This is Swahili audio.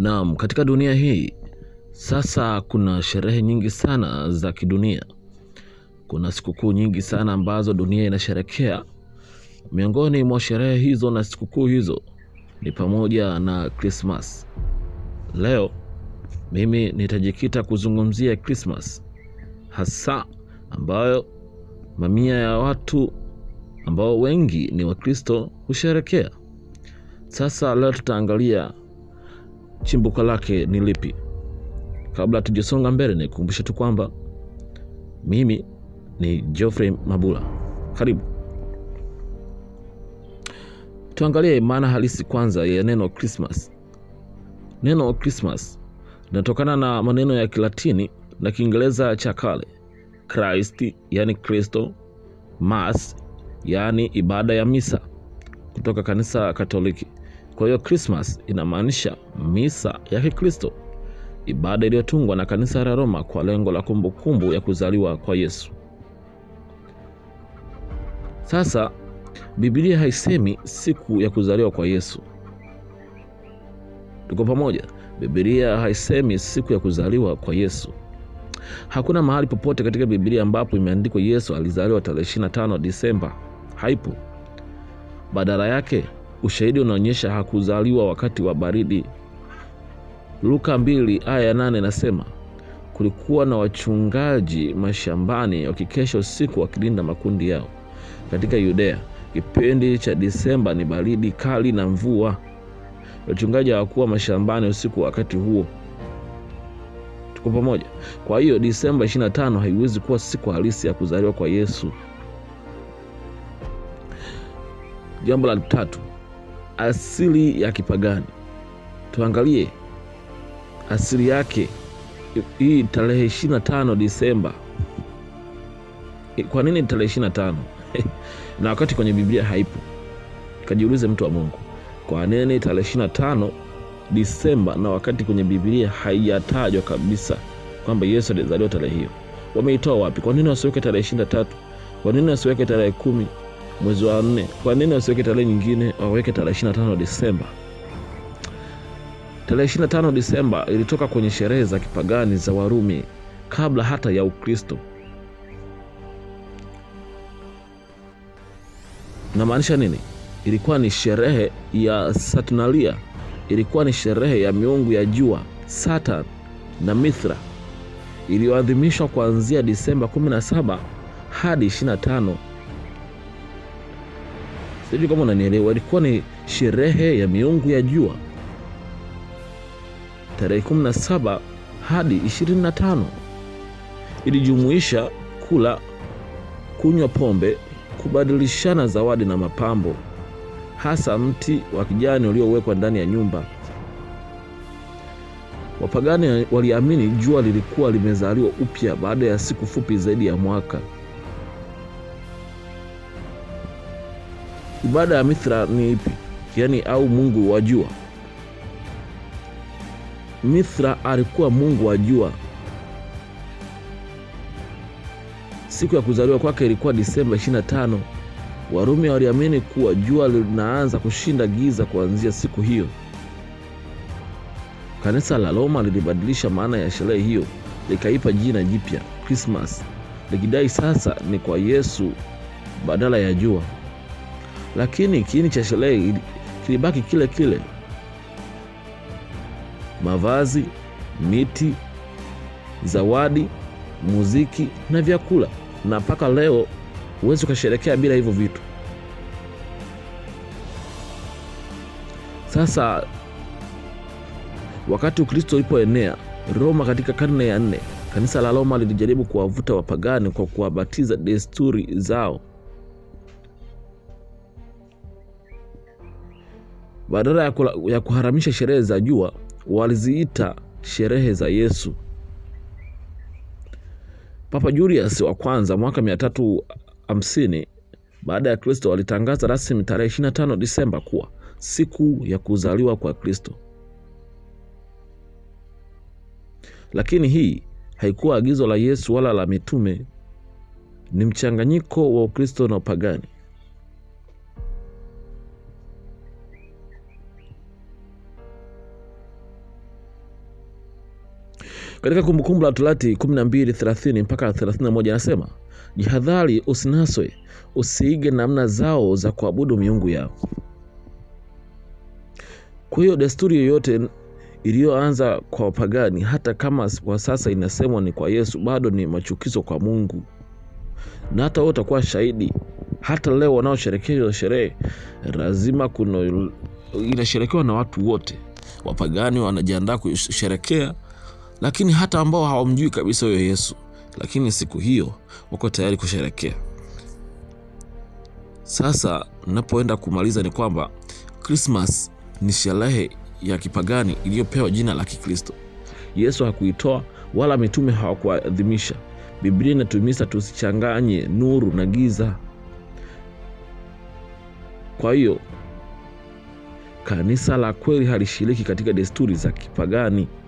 Naam, katika dunia hii sasa kuna sherehe nyingi sana za kidunia. Kuna sikukuu nyingi sana ambazo dunia inasherekea. Miongoni mwa sherehe hizo na sikukuu hizo ni pamoja na Krismas. Leo mimi nitajikita kuzungumzia Krismas hasa, ambayo mamia ya watu ambao wengi ni Wakristo husherekea. Sasa leo tutaangalia chimbuko lake ni lipi kabla tujasonga mbele nikukumbushe tu kwamba mimi ni geoffrey mabula karibu tuangalie maana halisi kwanza ya neno krismas neno krismas linatokana na maneno ya kilatini na kiingereza cha kale christ yaani kristo mas yaani ibada ya misa kutoka kanisa katoliki kwa hiyo Krismas inamaanisha misa ya Kikristo, ibada iliyotungwa na kanisa la Roma kwa lengo la kumbukumbu kumbu ya kuzaliwa kwa Yesu. Sasa Biblia haisemi siku ya kuzaliwa kwa Yesu. Tuko pamoja? Biblia haisemi siku ya kuzaliwa kwa Yesu. Hakuna mahali popote katika Biblia ambapo imeandikwa Yesu alizaliwa tarehe 25 Disemba. Haipo. Badala yake Ushahidi unaonyesha hakuzaliwa wakati wa baridi. Luka mbili aya 8 nane nasema kulikuwa na wachungaji mashambani wakikesha usiku wakilinda makundi yao. Katika Yudea kipindi cha Disemba ni baridi kali na mvua. Wachungaji hawakuwa mashambani usiku wakati huo. Tuko pamoja? Kwa hiyo Disemba 25 haiwezi kuwa siku halisi ya kuzaliwa kwa Yesu. Jambo la tatu, asili ya kipagani. Tuangalie asili yake hii tarehe 25 Disemba. Eh, kwa nini tarehe 25? na wakati kwenye Biblia haipo. Kajiulize mtu wa Mungu, kwa nini tarehe 25 Disemba na wakati kwenye Biblia haijatajwa kabisa kwamba Yesu alizaliwa tarehe hiyo? Wameitoa wapi? Kwa nini wasiweke tarehe 23? Kwa nini wasiweke tarehe kumi? mwezi wa nne. Kwa nini wasiweke tarehe nyingine? Waweke tarehe 25 Desemba. Tarehe 25 Desemba ilitoka kwenye sherehe za kipagani za Warumi kabla hata ya Ukristo. Namaanisha nini? Ilikuwa ni sherehe ya Saturnalia, ilikuwa ni sherehe ya miungu ya jua Saturn na Mithra iliyoadhimishwa kuanzia Disemba 17 hadi 25 sijui kama unanielewa, ilikuwa ni sherehe ya miungu ya jua tarehe 17 hadi 25. Ilijumuisha kula, kunywa pombe, kubadilishana zawadi na mapambo, hasa mti wa kijani uliowekwa ndani ya nyumba. Wapagani waliamini jua lilikuwa limezaliwa upya baada ya siku fupi zaidi ya mwaka. ibada ya Mithra ni ipi? Yaani, au mungu wa jua. Mithra alikuwa mungu wa jua. Siku ya kuzaliwa kwake ilikuwa Disemba 25. Warumi waliamini kuwa jua linaanza kushinda giza kuanzia siku hiyo. Kanisa la Roma lilibadilisha maana ya sherehe hiyo likaipa jina jipya Krismasi, likidai sasa ni kwa Yesu badala ya jua lakini kiini cha sherehe kilibaki kile kile: mavazi, miti, zawadi, muziki na vyakula. Na mpaka leo huwezi ukasherekea bila hivyo vitu. Sasa wakati Ukristo ulipoenea Roma katika karne ya nne, kanisa la Roma lilijaribu kuwavuta wapagani kwa kuwabatiza desturi zao Badala ya, ya kuharamisha sherehe za jua, waliziita sherehe za Yesu. Papa Julius wa kwanza mwaka 350 baada ya Kristo alitangaza rasmi tarehe 25 Disemba kuwa siku ya kuzaliwa kwa Kristo, lakini hii haikuwa agizo la Yesu wala la mitume. Ni mchanganyiko wa Ukristo na upagani. Katika Kumbukumbu la Torati 12:30 mpaka 31 anasema, jihadhari usinaswe, usiige namna zao za kuabudu miungu yao. Kwa hiyo desturi yoyote iliyoanza kwa wapagani, hata kama kwa sasa inasemwa ni kwa Yesu, bado ni machukizo kwa Mungu, na hata wewe utakuwa shahidi. Hata leo wanaosherekea sherehe, lazima kuna inasherekewa na watu wote. Wapagani wanajiandaa kusherekea lakini hata ambao hawamjui kabisa huyo Yesu, lakini siku hiyo wako tayari kusherekea. Sasa napoenda kumaliza ni kwamba Krismas ni sherehe ya kipagani iliyopewa jina la Kikristo. Yesu hakuitoa wala mitume hawakuadhimisha. Biblia inatumisa tusichanganye nuru na giza. Kwa hiyo kanisa la kweli halishiriki katika desturi za kipagani.